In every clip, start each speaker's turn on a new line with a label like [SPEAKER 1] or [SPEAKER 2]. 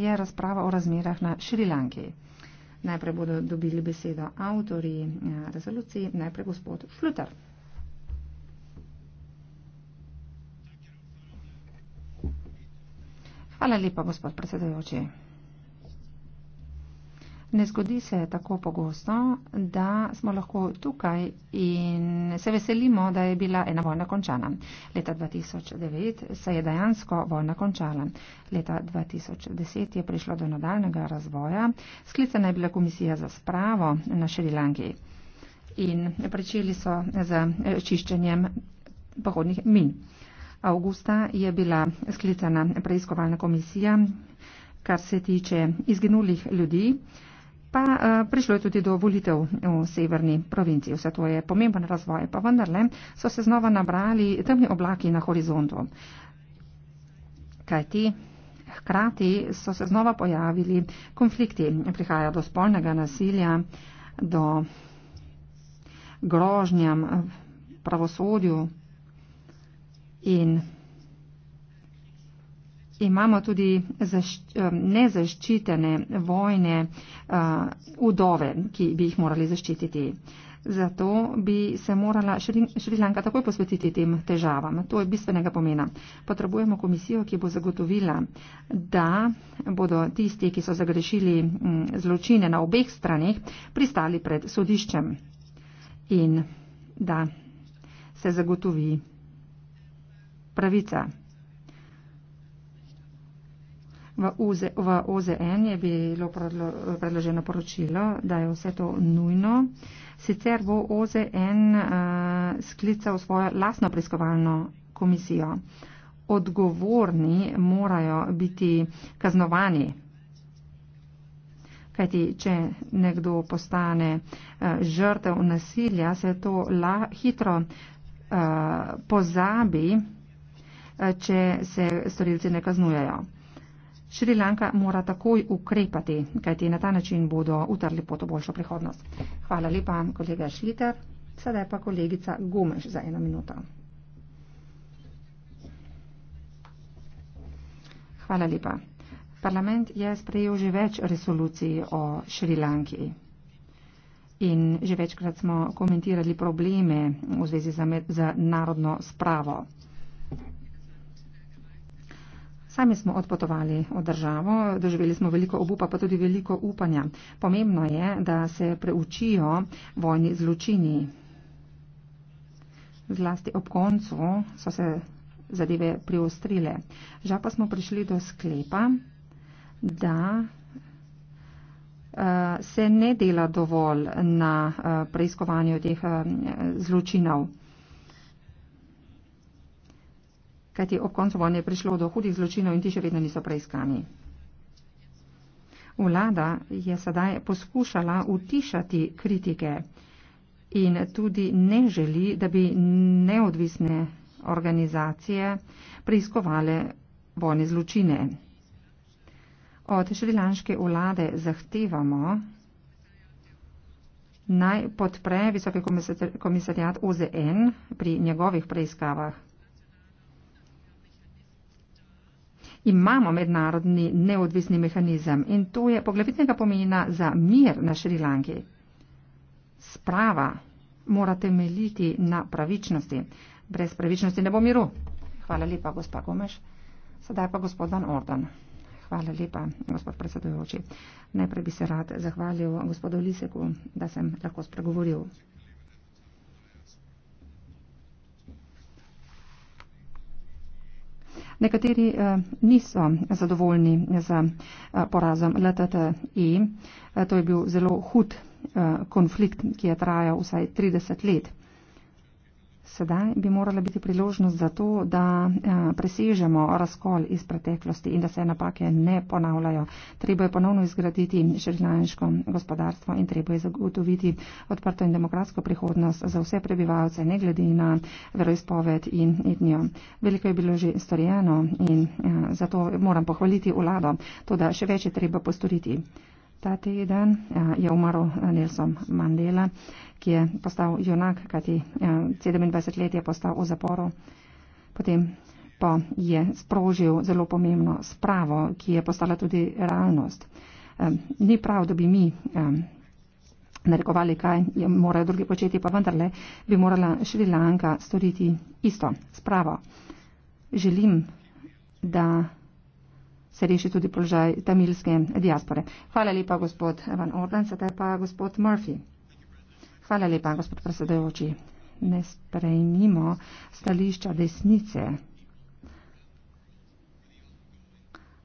[SPEAKER 1] je razprava o razmerah na Šrilanki. Najprej bodo dobili besedo avtori eh, rezolucije, najprej gospod Šluter. Hvala lepa, gospod predsedajoči. Ne zgodi se tako pogosto, da smo lahko tukaj in se veselimo, da je bila ena vojna končana. Leta 2009 se je dejansko vojna končala. Leta 2010 je prišlo do nadaljnega razvoja. Sklicana je bila komisija za spravo na Šrilanki in pričeli so z eh, čiščenjem pohodnih min. Augusta je bila sklicana preiskovalna komisija, kar se tiče izginulih ljudi pa uh, prišlo je tudi do volitev v severni provinciji. Vse to je pomemben razvoj, pa vendarle so se znova nabrali temni oblaki na horizontu. Kajti hkrati so se znova pojavili konflikti, prihaja do spolnega nasilja, do grožnjam pravosodju in imamo tudi eh, nezaščitene vojne udove, eh, ki bi jih morali zaščititi. Zato bi se morala Šrilanka takoj posvetiti tem težavam. To je bistvenega pomena. Potrebujemo komisijo, ki bo zagotovila, da bodo tisti, ki so zagrešili mm, zločine na obeh stranih, pristali pred sodiščem in da se zagotovi pravica. V, UZ, v OZN je bilo predloženo poročilo, da je vse to nujno. Sicer bo OZN uh, eh, sklical svojo lastno preiskovalno komisijo. Odgovorni morajo biti kaznovani. Kajti, če nekdo postane uh, žrtev nasilja, se to la, hitro uh, pozabi, uh, če se storilci ne kaznujejo. Šrilanka mora takoj ukrepati, kajti na ta način bodo utrli pot v boljšo prihodnost. Hvala lepa, kolega Šliter. Sedaj pa kolegica Gumeš za eno minuto. Hvala lepa. Parlament je sprejel že več resolucij o Šrilanki. In že večkrat smo komentirali probleme v zvezi z narodno spravo. Sami smo odpotovali v državo, doživeli smo veliko obupa, pa tudi veliko upanja. Pomembno je, da se preučijo vojni zločini. Zlasti ob koncu so se zadeve priostrile. Žal pa smo prišli do sklepa, da uh, se ne dela dovolj na uh, preiskovanju teh uh, zločinov. kajti ob koncu vojne je prišlo do hudih zločinov in ti še vedno niso preiskani. Vlada je sedaj poskušala utišati kritike in tudi ne želi, da bi neodvisne organizacije preiskovale vojne zločine. Od šrilanške vlade zahtevamo, naj podpre visoke komisarjat OZN pri njegovih preiskavah. imamo mednarodni neodvisni mehanizem in to je poglavitnega pomena za mir na Šrilanki. Sprava mora temeljiti na pravičnosti. Brez pravičnosti ne bo miru. Hvala lepa, gospa Gomeš. Sedaj pa gospodan Ordan. Hvala lepa, gospod predsedujoči. Najprej bi se rad zahvalil gospodu Liseku, da sem lahko spregovoril. Nekateri eh, niso zadovoljni za eh, porazom LTTI. Eh, to je bil zelo hud konflikt, ki je trajal vsaj 30 let. Sedaj bi morala biti priložnost za to, da eh, presežemo razkol iz preteklosti in da se napake ne ponavljajo. Treba je ponovno izgraditi šrilanško gospodarstvo in treba je zagotoviti odprto in demokratsko prihodnost za vse prebivalce, ne glede na veroizpoved in etnijo. Veliko je bilo že storjeno in eh, zato moram pohvaliti vlado, to da še več je treba postoriti. Ta teden eh, je umrl eh, Nelson Mandela, ki je postal junak, kajti 27 eh, let je postal v zaporu. Potem pa je sprožil zelo pomembno spravo, ki je postala tudi realnost. Ni prav, da bi mi narekovali, kaj morajo drugi početi, pa vendarle bi morala Šrilanka storiti isto spravo. Želim, da se reši tudi položaj tamilske diaspore. Hvala lepa, gospod Van Orden, sedaj pa gospod Murphy. Hvala lepa, gospod predsedojoči. Ne sprejmimo stališča desnice,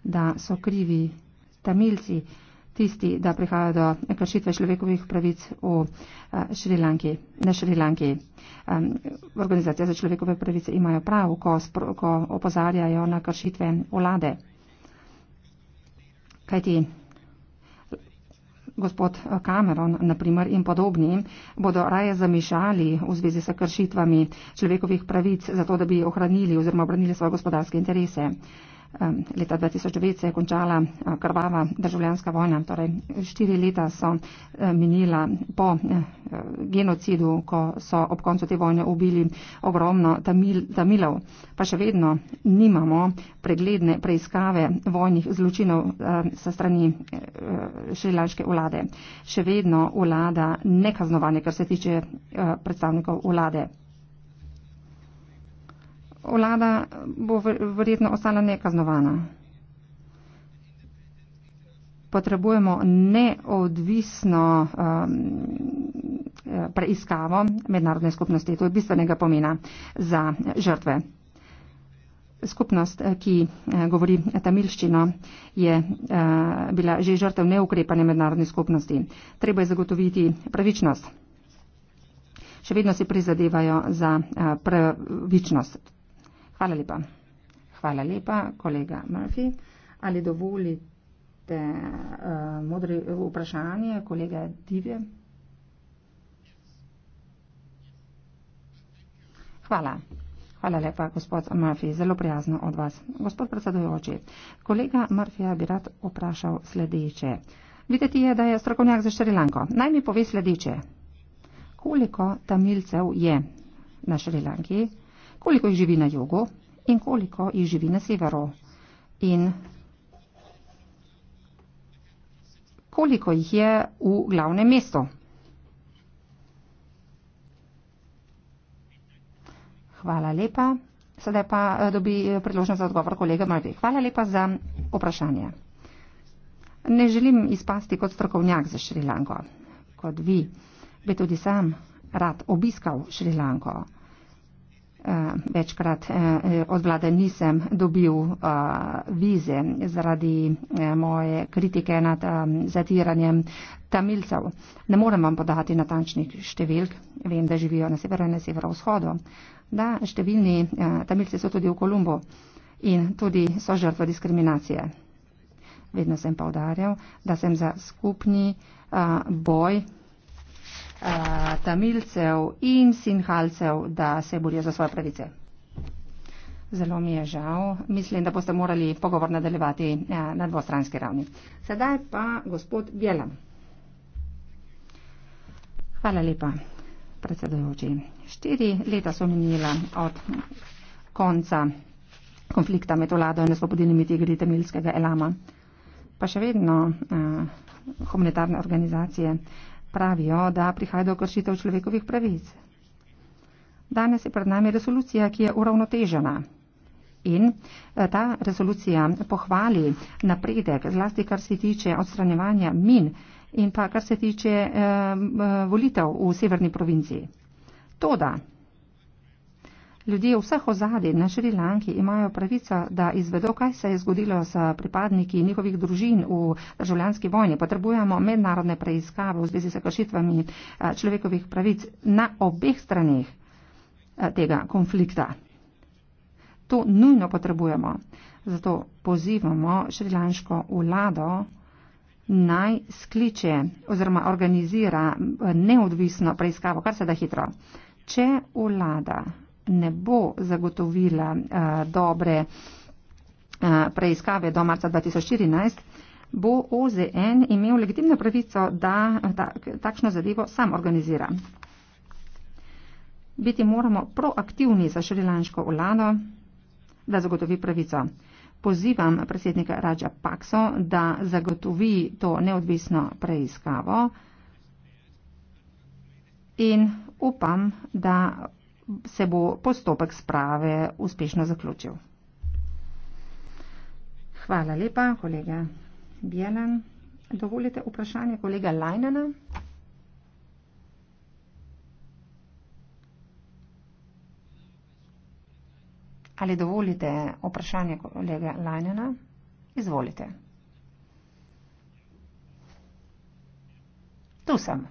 [SPEAKER 1] da so krivi tamilci tisti, da prihajajo do kršitve človekovih pravic v Šrilanki, na Šrilanki. Organizacija za človekove pravice imajo prav, ko, ko opozarjajo na kršitve vlade. Kajti gospod Cameron, naprimer, in podobni bodo raje zamišali v zvezi s kršitvami človekovih pravic, zato da bi ohranili oziroma obranili svoje gospodarske interese. Leta 2009 se je končala krvava državljanska vojna, torej štiri leta so e, minila po e, e, genocidu, ko so ob koncu te vojne ubili ogromno tamil, tamilov. Pa še vedno nimamo pregledne preiskave vojnih zločinov sa strani šrilanške vlade. Še vedno vlada nekaznovanje, kar se tiče predstavnikov vlade vlada bo verjetno ostala nekaznovana. Potrebujemo neodvisno um, preiskavo mednarodne skupnosti. To je bistvenega pomena za žrtve. Skupnost, ki eh, govori tamilščino, je eh, bila že žrtev neukrepanja mednarodne skupnosti. Treba je zagotoviti pravičnost. Še vedno si prizadevajo za eh, pravičnost. Hvala lepa. Hvala lepa, kolega Murphy. Ali dovolite uh, eh, modri eh, vprašanje kolega Dive? Hvala. Hvala lepa, gospod Murphy. Zelo prijazno od vas. Gospod predsedujoči, kolega Murphy bi rad vprašal sledeče. Videti je, da je strokovnjak za Šrilanko. Naj mi pove sledeče. Koliko tamilcev je na Šrilanki? koliko jih živi na jugu in koliko jih živi na severu. In koliko jih je v glavnem mestu. Hvala lepa. Sedaj pa eh, dobi eh, predložnost za odgovor kolega Malve. Hvala lepa za vprašanje. Ne želim izpasti kot strokovnjak za Šrilanko. Kot vi, bi tudi sam rad obiskal Šrilanko. Eh, večkrat eh, od vlade nisem dobil eh, vize zaradi moje kritike nad zatiranjem tamilcev. Ne morem vam podati natančnih številk, vem, da živijo na severu in na severovzhodu. Da, številni tamilci so tudi v Kolumbu in tudi so žrtve diskriminacije. Vedno sem pa udarjal, da sem za skupni boj uh, tamilcev in sinhalcev, da se borijo za svoje pravice. Zelo mi je žal. Mislim, da boste morali pogovor nadaljevati uh, na dvostranski ravni. Sedaj pa gospod Bjelam. Hvala lepa, predsedujoči. Štiri leta so minila od konca konflikta med vlado in osvobodilnimi tigri tamilskega elama. Pa še vedno uh, humanitarne organizacije uh, pravijo, da prihaja do kršitev človekovih pravic. Danes je pred nami resolucija, ki je uravnotežena. In eh, ta resolucija pohvali napredek, zlasti kar se tiče odstranjevanja min in pa kar se tiče eh, eh volitev v severni provinciji. Toda, Ljudje vseh ozadij na Šrilanki imajo pravico, da izvedo, kaj se je zgodilo s pripadniki njihovih družin v državljanski vojni. Potrebujemo mednarodne preiskave v zvezi s kršitvami eh, človekovih pravic na obeh stranih eh, tega konflikta. To nujno potrebujemo. Zato pozivamo šrilanško vlado naj skliče oziroma organizira eh, neodvisno preiskavo, kar se da hitro. Če vlada ne bo zagotovila uh, dobre uh, preiskave do marca 2014, bo OZN imel legitimno pravico, da ta, takšno zadevo sam organizira. Biti moramo proaktivni za šrilanško vlado, da zagotovi pravico. Pozivam predsednika Rađa Pakso, da zagotovi to neodvisno preiskavo in upam, da se bo postopek sprave uspešno zaključil. Hvala lepa, kolega Bjelan. Dovolite vprašanje kolega Lajnana. Ali dovolite vprašanje kolega Lajnana? Izvolite. Tu sem.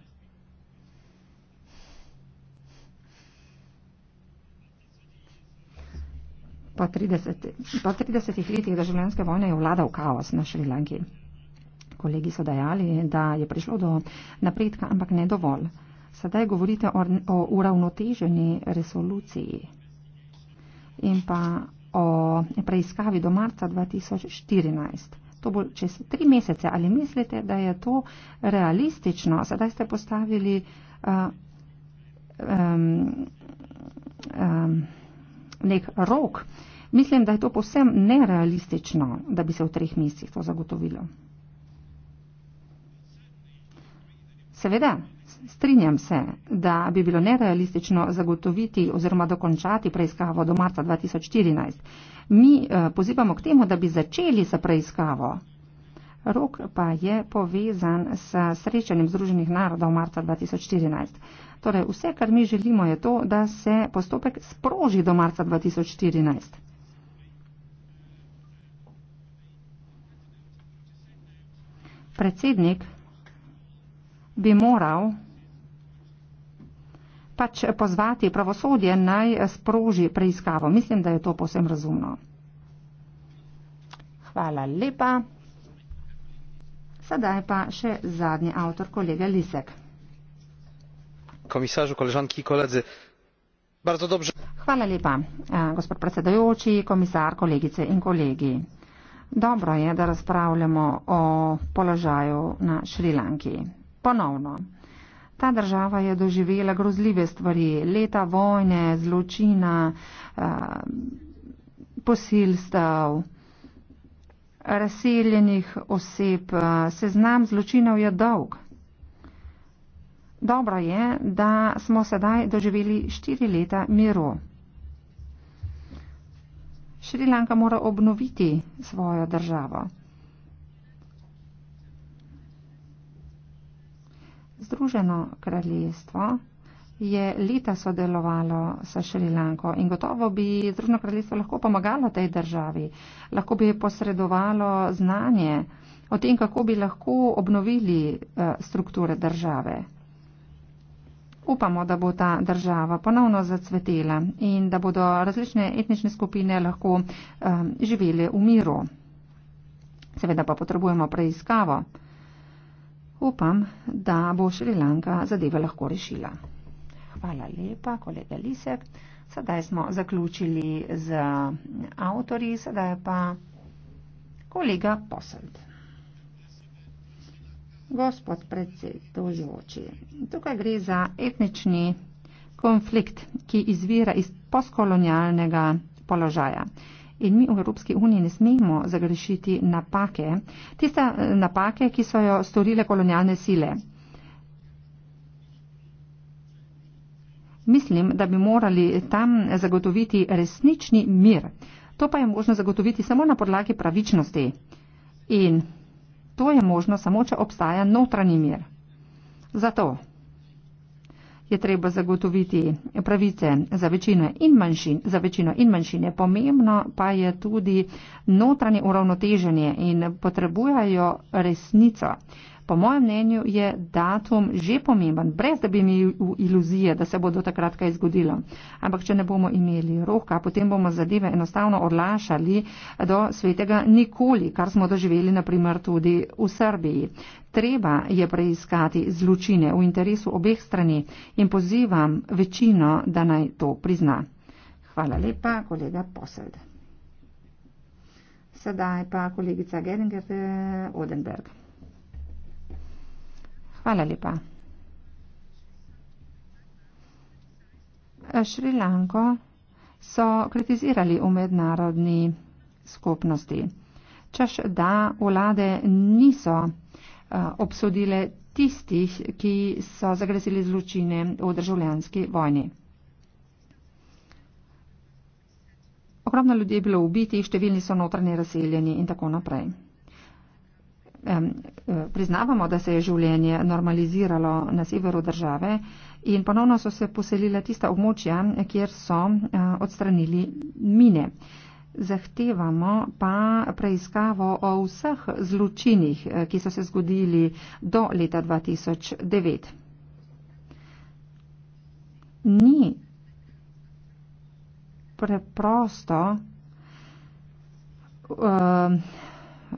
[SPEAKER 1] Po 30-ih 30 letih državljanske vojne je vladal kaos na Šrilanki. Kolegi so dejali, da je prišlo do napredka, ampak ne dovolj. Sedaj govorite o, o uravnoteženi resoluciji in pa o preiskavi do marca 2014. To bo čez tri mesece. Ali mislite, da je to realistično? Sedaj ste postavili. Uh, um, um, nek rok. Mislim, da je to povsem nerealistično, da bi se v treh mesecih to zagotovilo. Seveda, strinjam se, da bi bilo nerealistično zagotoviti oziroma dokončati preiskavo do marca 2014. Mi eh, pozivamo k temu, da bi začeli sa preiskavo Rok pa je povezan s srečanjem Združenih narodov marca 2014. Torej, vse, kar mi želimo, je to, da se postopek sproži do marca 2014. Predsednik bi moral pač pozvati pravosodje naj sproži preiskavo. Mislim, da je to posebno razumno. Hvala lepa. Sedaj pa še zadnji avtor, kolega Lisek.
[SPEAKER 2] Komisaržu, koležanki, koledze. Hvala
[SPEAKER 1] lepa, e, gospod predsedajoči, komisar, kolegice in kolegi. Dobro je, da razpravljamo o položaju na Šrilanki. Ponovno. Ta država je doživela grozljive stvari, leta vojne, zločina, e, posilstv, razseljenih oseb. Eh, seznam zločinov je dolg. Dobro je, da smo sedaj doživeli štiri leta miru. Šrilanka mora obnoviti svojo državo. Združeno kraljestvo je leta sodelovalo s Šrilanko in gotovo bi Združeno kraljestvo lahko pomagalo tej državi, lahko bi posredovalo znanje o tem, kako bi lahko obnovili eh, strukture države. Upamo, da bo ta država ponovno zacvetela in da bodo različne etnične skupine lahko eh, živele v miru. Seveda pa potrebujemo preiskavo. Upam, da bo Šrilanka zadeve lahko rešila. Hvala lepa, kolega Lisek. Sedaj smo zaključili z avtori, sedaj pa kolega Posend. Gospod predsedujoči, tukaj gre za etnični konflikt, ki izvira iz postkolonialnega položaja. In mi v Evropski uniji ne smemo zagrešiti napake, tiste eh, napake, ki so jo storile kolonialne sile. Mislim, da bi morali tam zagotoviti resnični mir. To pa je možno zagotoviti samo na podlagi pravičnosti. In to je možno samo, če obstaja notranji mir. Zato je treba zagotoviti pravice za večino in manjšin. Za večino in manjšine pomembno pa je tudi notranje uravnoteženje in potrebujajo resnico. Po mojem mnenju je datum že pomemben, brez da bi imeli iluzije, da se bo do takrat kaj zgodilo. Ampak če ne bomo imeli roka, potem bomo zadeve enostavno odlašali do svetega nikoli, kar smo doživeli naprimer tudi v Srbiji. Treba je preiskati zločine v interesu obeh strani in pozivam večino, da naj to prizna. Hvala lepa, kolega Posled. Sedaj pa kolegica Geringer eh, Odenberg. Hvala lepa. Eh, Šrilanko so kritizirali v mednarodni skupnosti. Češ, da vlade niso eh, obsodile tistih, ki so zagrezili zločine v državljanski vojni. Ogromno ljudi je bilo ubiti, številni so notranje razseljeni in tako naprej. Eh, priznavamo, da se je življenje normaliziralo na severu države in ponovno so se poselile tista območja, kjer so eh, odstranili mine. Zahtevamo pa preiskavo o vseh zločinih, eh, ki so se zgodili do leta 2009. Ni preprosto um,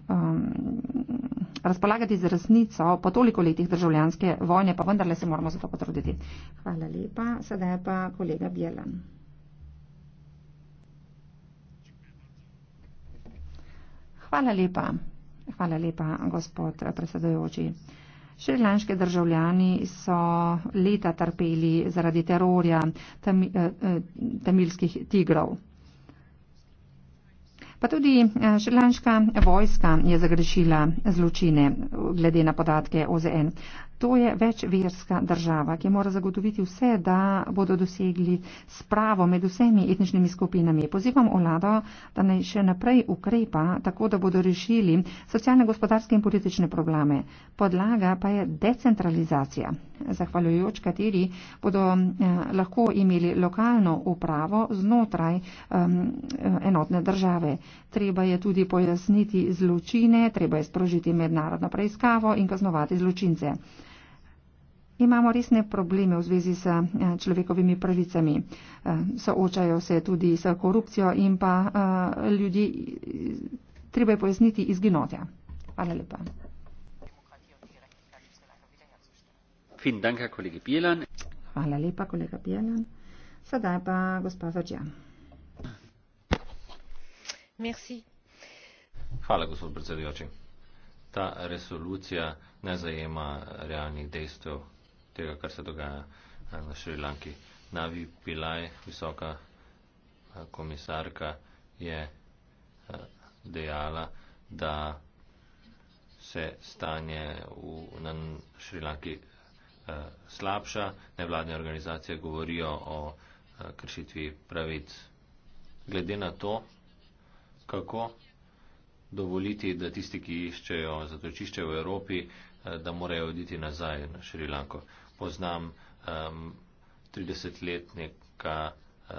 [SPEAKER 1] um, razpolagati z resnico po toliko letih državljanske vojne, pa vendarle se moramo za to potruditi. Hvala lepa. Sedaj pa kolega Bjelan. Hvala lepa. Hvala lepa, gospod predsedojoči. Šrilanški državljani so leta trpeli zaradi terorja eh, eh, tamilskih tigrov. Pa tudi eh, šrilanška vojska je zagrešila zločine, glede na podatke OZN. To je večverska država, ki mora zagotoviti vse, da bodo dosegli spravo med vsemi etničnimi skupinami. Pozivam vlado, da naj še naprej ukrepa, tako da bodo rešili socialne, gospodarske in politične probleme. Podlaga pa je decentralizacija, zahvaljujoč kateri bodo eh, lahko imeli lokalno upravo znotraj um, enotne države. Treba je tudi pojasniti zločine, treba je sprožiti mednarodno preiskavo in kaznovati zločince imamo resne probleme v zvezi s eh, človekovimi pravicami. Eh, soočajo se tudi s korupcijo in pa eh, ljudi treba je pojasniti izginotja. Hvala lepa. Hvala lepa, kolega Bielan. Sedaj pa gospa Zadžan.
[SPEAKER 2] Hvala, gospod predsedujoči. Ta resolucija ne zajema realnih dejstev tega, kar se dogaja eh, na Šrilanki. Navi Pilaj, visoka eh, komisarka, je eh, dejala, da se stanje v, na Šrilanki slabša. Nevladne organizacije govorijo o kršitvi pravic. Glede na to, kako dovoliti, da tisti, ki iščejo zatočišče v Evropi, da morajo oditi nazaj na Šrilanko poznam um, 30-letnika uh,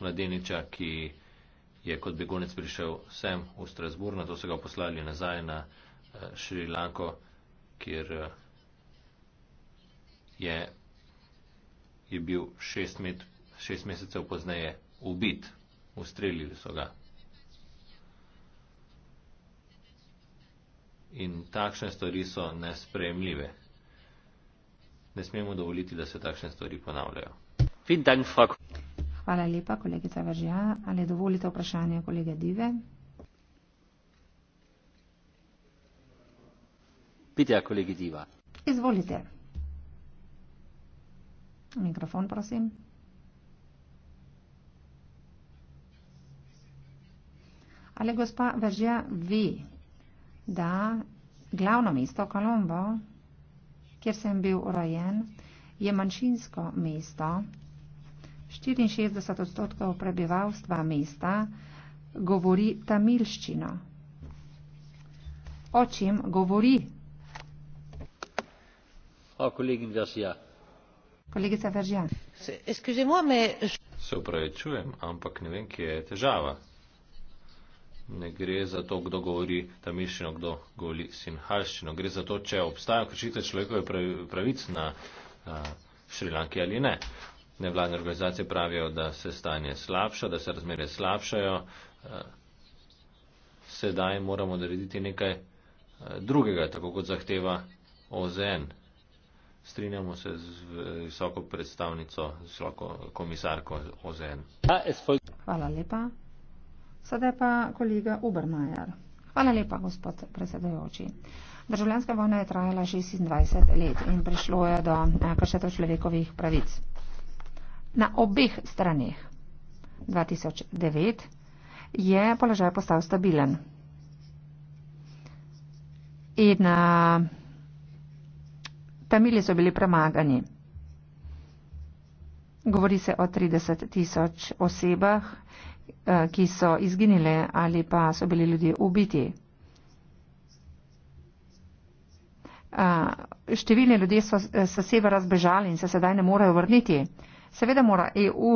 [SPEAKER 2] mladeniča, ki je kot begunec prišel sem v Strasbur, na to so ga poslali nazaj na uh, Šrilanko, kjer uh, je, je bil šest, met, šest mesecev pozneje ubit, ustrelili so ga. In takšne stvari so nespremljive ne smemo dovoliti, da se takšne stvari ponavljajo.
[SPEAKER 1] Hvala lepa, kolegica Vržja. Ali dovolite vprašanje kolega Dive?
[SPEAKER 2] Pitja, kolegi Diva.
[SPEAKER 1] Izvolite. Mikrofon, prosim. Ali gospa Vržja ve, da glavno mesto Kolombo kjer sem bil rojen, je manjšinsko mesto. 64 odstotkov prebivalstva mesta govori tamilščino. O čem govori?
[SPEAKER 2] O kolegin Gasija.
[SPEAKER 1] Kolegica Veržjan.
[SPEAKER 2] Se upravičujem, ampak ne vem, kje je težava ne gre za to, kdo govori tamiščino, kdo govori sinhalščino. Gre za to, če obstajajo kršitve človekove pravic na Šrilanki ali ne. Nevladne organizacije pravijo, da se stanje slabša, da se razmere slabšajo. Sedaj moramo narediti nekaj drugega, tako kot zahteva OZN. Strinjamo se z visoko predstavnico, z visoko komisarko OZN.
[SPEAKER 1] Hvala lepa. Sedaj pa kolega Ubermajer. Hvala lepa, gospod predsedajoči. Državljanska vojna je trajala 26 let in prišlo je do eh, kršitev človekovih pravic. Na obeh straneh 2009 je položaj postal stabilen. In na eh, Tamili so bili premagani. Govori se o 30 tisoč osebah Eh, ki so izginile ali pa so bili ljudje ubiti. Eh, številni ljudje so eh, se seba razbežali in se sedaj ne morejo vrniti. Seveda mora EU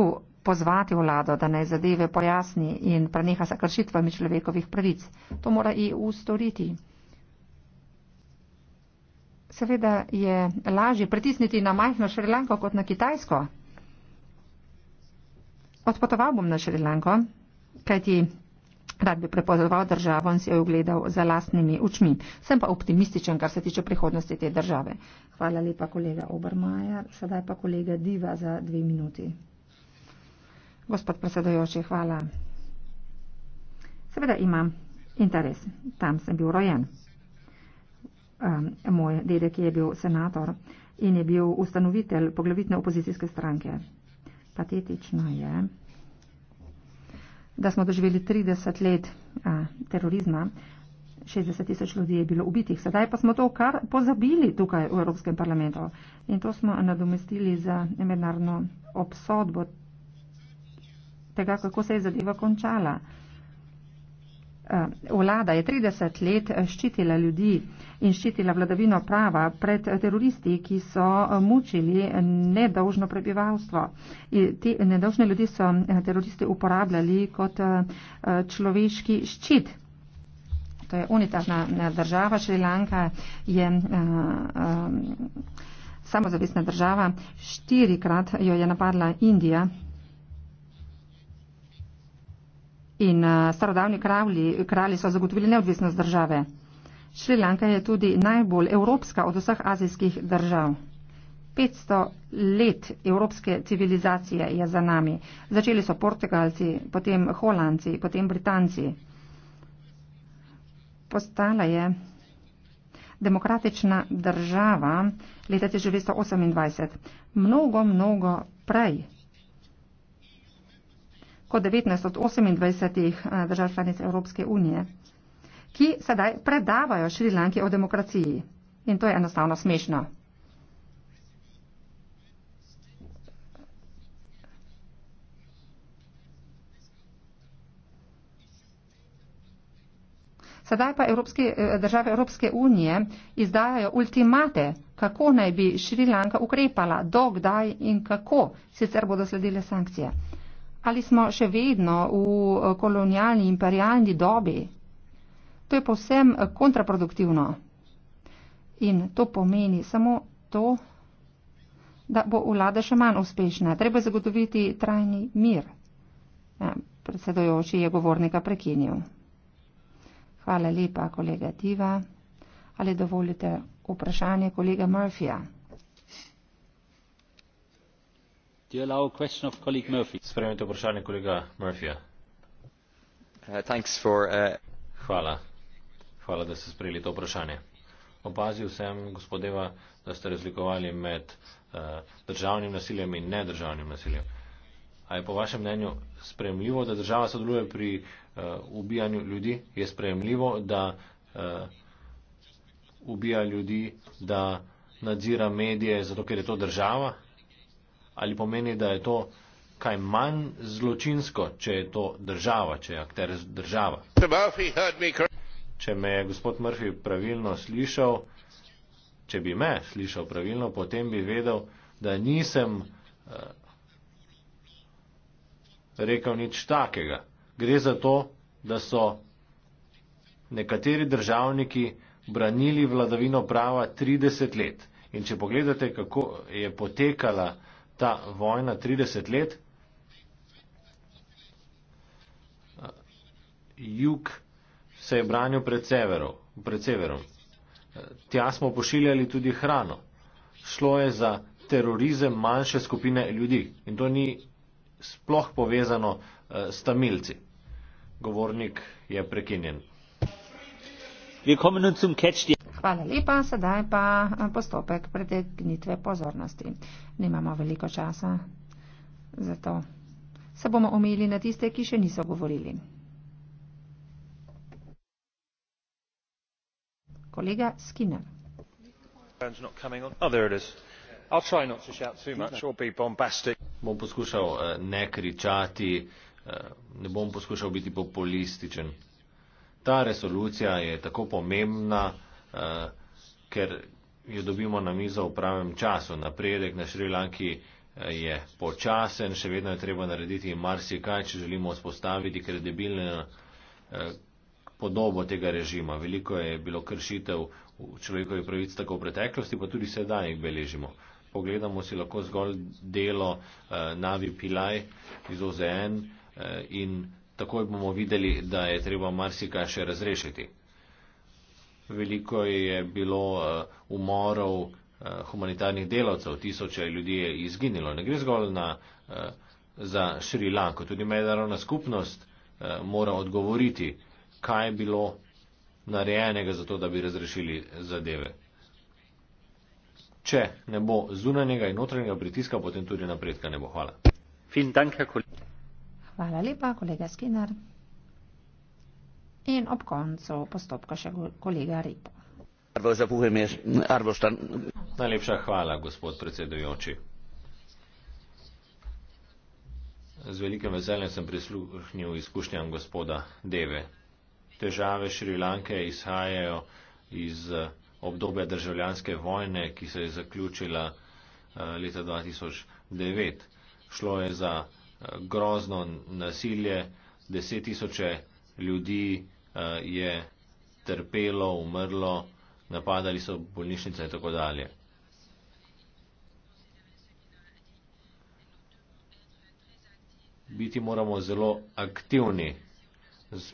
[SPEAKER 1] pozvati vlado, da naj zadeve pojasni in preneha sa kršitvami človekovih pravic. To mora EU storiti. Seveda je lažje pritisniti na majhno Šrilanko kot na Kitajsko. Odpotoval bom na Šrilanko kajti rad bi prepozoval državo in si jo ogledal za lastnimi učmi. Sem pa optimističen, kar se tiče prihodnosti te države. Hvala lepa, kolega Obermajer. Sedaj pa kolega Diva za dve minuti. Gospod predsedojoči, hvala. Seveda imam interes. Tam sem bil rojen. Um, moj dedek je bil senator in je bil ustanovitelj poglavitne opozicijske stranke. Patetično je da smo doživeli 30 let a, terorizma, 60 tisoč ljudi je bilo ubitih, sedaj pa smo to kar pozabili tukaj v Evropskem parlamentu in to smo nadomestili za mednarodno obsodbo tega, kako se je zadeva končala. Eh, vlada je 30 let eh, ščitila ljudi in ščitila vladavino prava pred eh, teroristi, ki so mučili nedolžno prebivalstvo. Te nedolžne ljudi so teroristi uporabljali kot človeški ščit. To je unitarna država, Šrilanka je samozavisna država, štirikrat jo je napadla Indija. in uh, starodavni kralji, kralji so zagotovili neodvisnost države. Šrilanka je tudi najbolj evropska od vseh azijskih držav. 500 let evropske civilizacije je za nami. Začeli so Portugalci, potem Holandci, potem Britanci. Postala je demokratična država leta 1928. Mnogo, mnogo prej kot 19 od 28 eh, držav članic Evropske unije, ki sedaj predavajo Šrilanki o demokraciji. In to je enostavno smešno. Sedaj pa Evropske, eh, države Evropske unije izdajajo ultimate, kako naj bi Šrilanka ukrepala, dokdaj in kako, sicer bodo sledile sankcije ali smo še vedno v eh, kolonialni imperialni dobi. To je povsem eh, kontraproduktivno. In to pomeni samo to, da bo vlada še manj uspešna. Treba zagotoviti trajni mir. Ja, predsedojoči je govornika prekinil. Hvala lepa, kolega Diva. Ali dovolite vprašanje kolega Murphyja?
[SPEAKER 2] Sprejmite vprašanje kolega Murphyja. Uh, uh, Hvala. Hvala, da ste sprejeli to vprašanje. Opazil sem, gospodeva, da ste razlikovali med uh, državnim nasiljem in nedržavnim nasiljem. A je po vašem mnenju sprejemljivo, da država sodeluje pri ubijanju ljudi? Je sprejemljivo, da ubija ljudi, da nadzira medije, zato ker je to država? ali pomeni, da je to kaj manj zločinsko, če je to država, če je akter država. Če me je gospod Murphy pravilno slišal, če bi me slišal pravilno, potem bi vedel, da nisem eh, rekel nič takega. Gre za to, da so nekateri državniki branili vladavino prava 30 let. In če pogledate, kako je potekala ta vojna 30 let. Jug se je branil pred, severo, pred severom. Tja smo pošiljali tudi hrano. Šlo je za terorizem manjše skupine ljudi in to ni sploh povezano uh, s tamilci. Govornik je prekinjen. Wir kommen nun zum Catch. -die. Hvala
[SPEAKER 1] lepa, sedaj pa eh, postopek pretegnitve pozornosti. Nimamo veliko časa, zato se bomo omejili na tiste, ki še niso govorili. Kolega Skinner.
[SPEAKER 2] Oh, bom poskušal eh, ne kričati, eh, ne bom poskušal biti populističen. Ta resolucija je tako pomembna, Eh, ker jo dobimo na mizo v pravem času. Napredek na Šrilanki eh, je počasen, še vedno je treba narediti marsikaj, če želimo vzpostaviti kredibilno eh, podobo tega režima. Veliko je bilo kršitev človekovih pravic tako v preteklosti, pa tudi sedaj jih beležimo. Pogledamo si lahko zgolj delo eh, Navi Pilaj iz OZN eh, in takoj bomo videli, da je treba marsikaj še razrešiti veliko je bilo eh, umorov eh, humanitarnih delavcev, tisoče ljudi je izginilo. Ne gre zgolj na, eh, za Šrilanko, tudi mednarodna skupnost mora odgovoriti, kaj je bilo narejenega za to, da bi razrešili zadeve. Če ne bo zunanjega in notranjega pritiska, potem tudi napredka ne bo. Hvala.
[SPEAKER 1] Hvala lepa, kolega Skinner in ob koncu postopka še kolega Repo.
[SPEAKER 2] Arvoza, puhemies, arvostan. Najlepša hvala, gospod predsedujoči. Z velikim veseljem sem prisluhnil izkušnjam gospoda Deve. Težave Šrilanke izhajajo iz obdobja državljanske vojne, ki se je zaključila eh, leta 2009. Šlo je za eh, grozno nasilje, deset tisoče ljudi uh, je trpelo, umrlo, napadali so bolnišnice in tako dalje. Biti moramo zelo aktivni,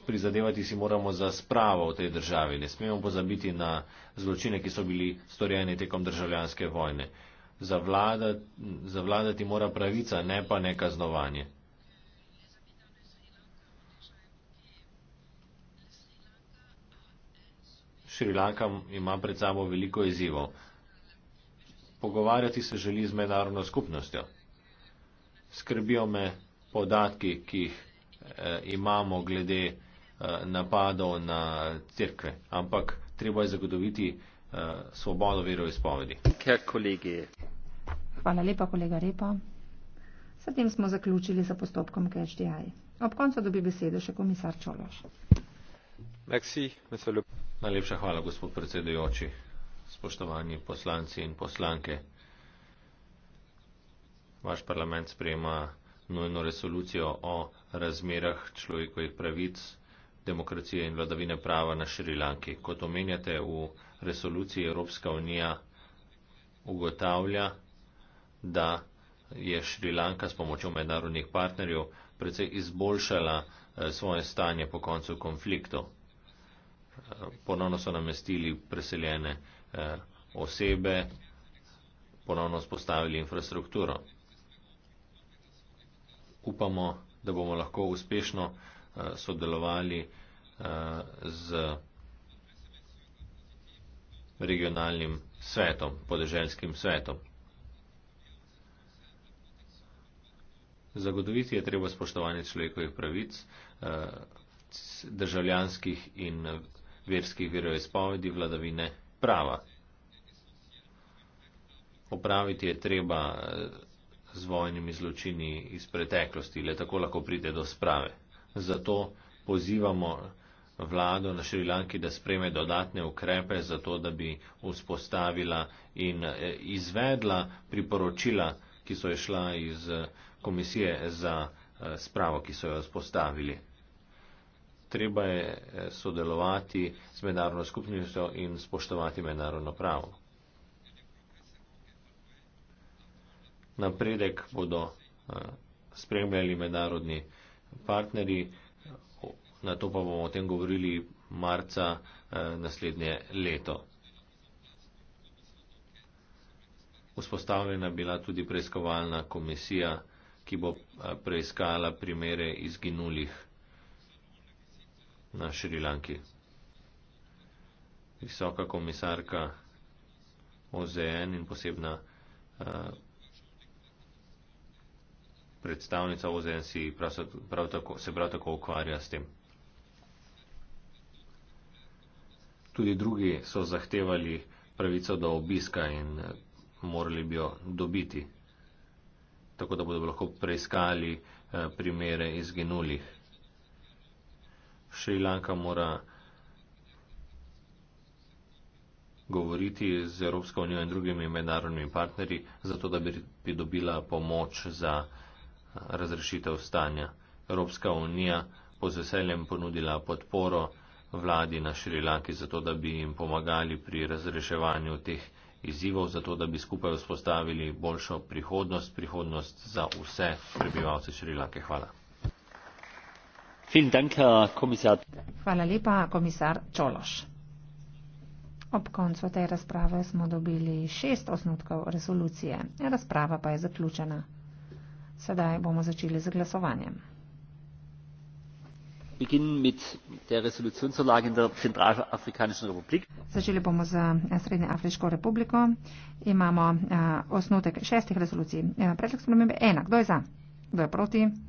[SPEAKER 2] prizadevati si moramo za spravo v tej državi. Ne smemo pozabiti na zločine, ki so bili storjeni tekom državljanske vojne. Zavladati, zavladati mora pravica, ne pa nekaznovanje. Šrilanka ima pred sabo veliko izzivov. Pogovarjati se želi z mednarodno skupnostjo. Skrbijo me podatki, ki jih eh, imamo glede eh, napadov na crkve, ampak treba je zagotoviti eh, svobodo veroizpovedi.
[SPEAKER 1] Hvala lepa, kolega Repa. S tem smo zaključili za postopkom KHDI. Ob koncu dobi besedo še komisar Čološ.
[SPEAKER 2] Najlepša hvala, gospod predsedujoči. Spoštovani poslanci in poslanke. Vaš parlament sprejema nujno resolucijo o razmerah človekovih pravic, demokracije in vladavine prava na Šrilanki. Kot omenjate v resoluciji, Evropska unija ugotavlja, da je Šrilanka s pomočjo mednarodnih partnerjev precej izboljšala eh, svoje stanje po koncu konfliktov ponovno so namestili preseljene eh, osebe, ponovno spostavili infrastrukturo. Upamo, da bomo lahko uspešno eh, sodelovali eh, z regionalnim svetom, podeželjskim svetom. Zagotoviti je treba spoštovanje človekovih pravic, državljanskih in verskih veroizpovedi vladavine prava. Opraviti je treba eh, z vojnimi zločini iz preteklosti, le tako lahko pride do sprave. Zato pozivamo vlado na Šrilanki, da spreme dodatne ukrepe, zato da bi vzpostavila in eh, izvedla priporočila, ki so išla iz eh, komisije za spravo, ki so jo vzpostavili treba je eh, sodelovati z mednarodno skupnostjo in spoštovati mednarodno pravo. Napredek bodo eh, spremljali mednarodni partnerji, na to pa bomo o tem govorili marca eh, naslednje leto. Vzpostavljena bila tudi preiskovalna komisija, ki bo preiskala primere izginulih na Šrilanki. Visoka komisarka OZN in posebna uh, predstavnica OZN si prav, prav tako, se prav tako ukvarja s tem. Tudi drugi so zahtevali pravico do obiska in eh, morali bi jo dobiti, tako da bodo lahko preiskali eh, primere izginulih. Šrilanka mora govoriti z Evropsko unijo in drugimi mednarodnimi partnerji, zato da bi pridobila pomoč za eh, razrešitev stanja. Evropska unija bo z veseljem ponudila podporo vladi na Šrilanki, zato da bi jim pomagali pri razreševanju teh izzivov, zato da bi skupaj vzpostavili boljšo prihodnost, prihodnost za vse prebivalce Šrilanke. Hvala.
[SPEAKER 1] Hvala lepa, komisar Čološ. Ob koncu te razprave smo dobili šest osnutkov resolucije. Razprava pa je zaključena. Sedaj bomo začeli z glasovanjem. Začeli bomo z eh, Srednje Afriško republiko. Imamo uh, osnutek šestih resolucij. Eh, predlog spremembe ena. Kdo je za? Kdo je proti?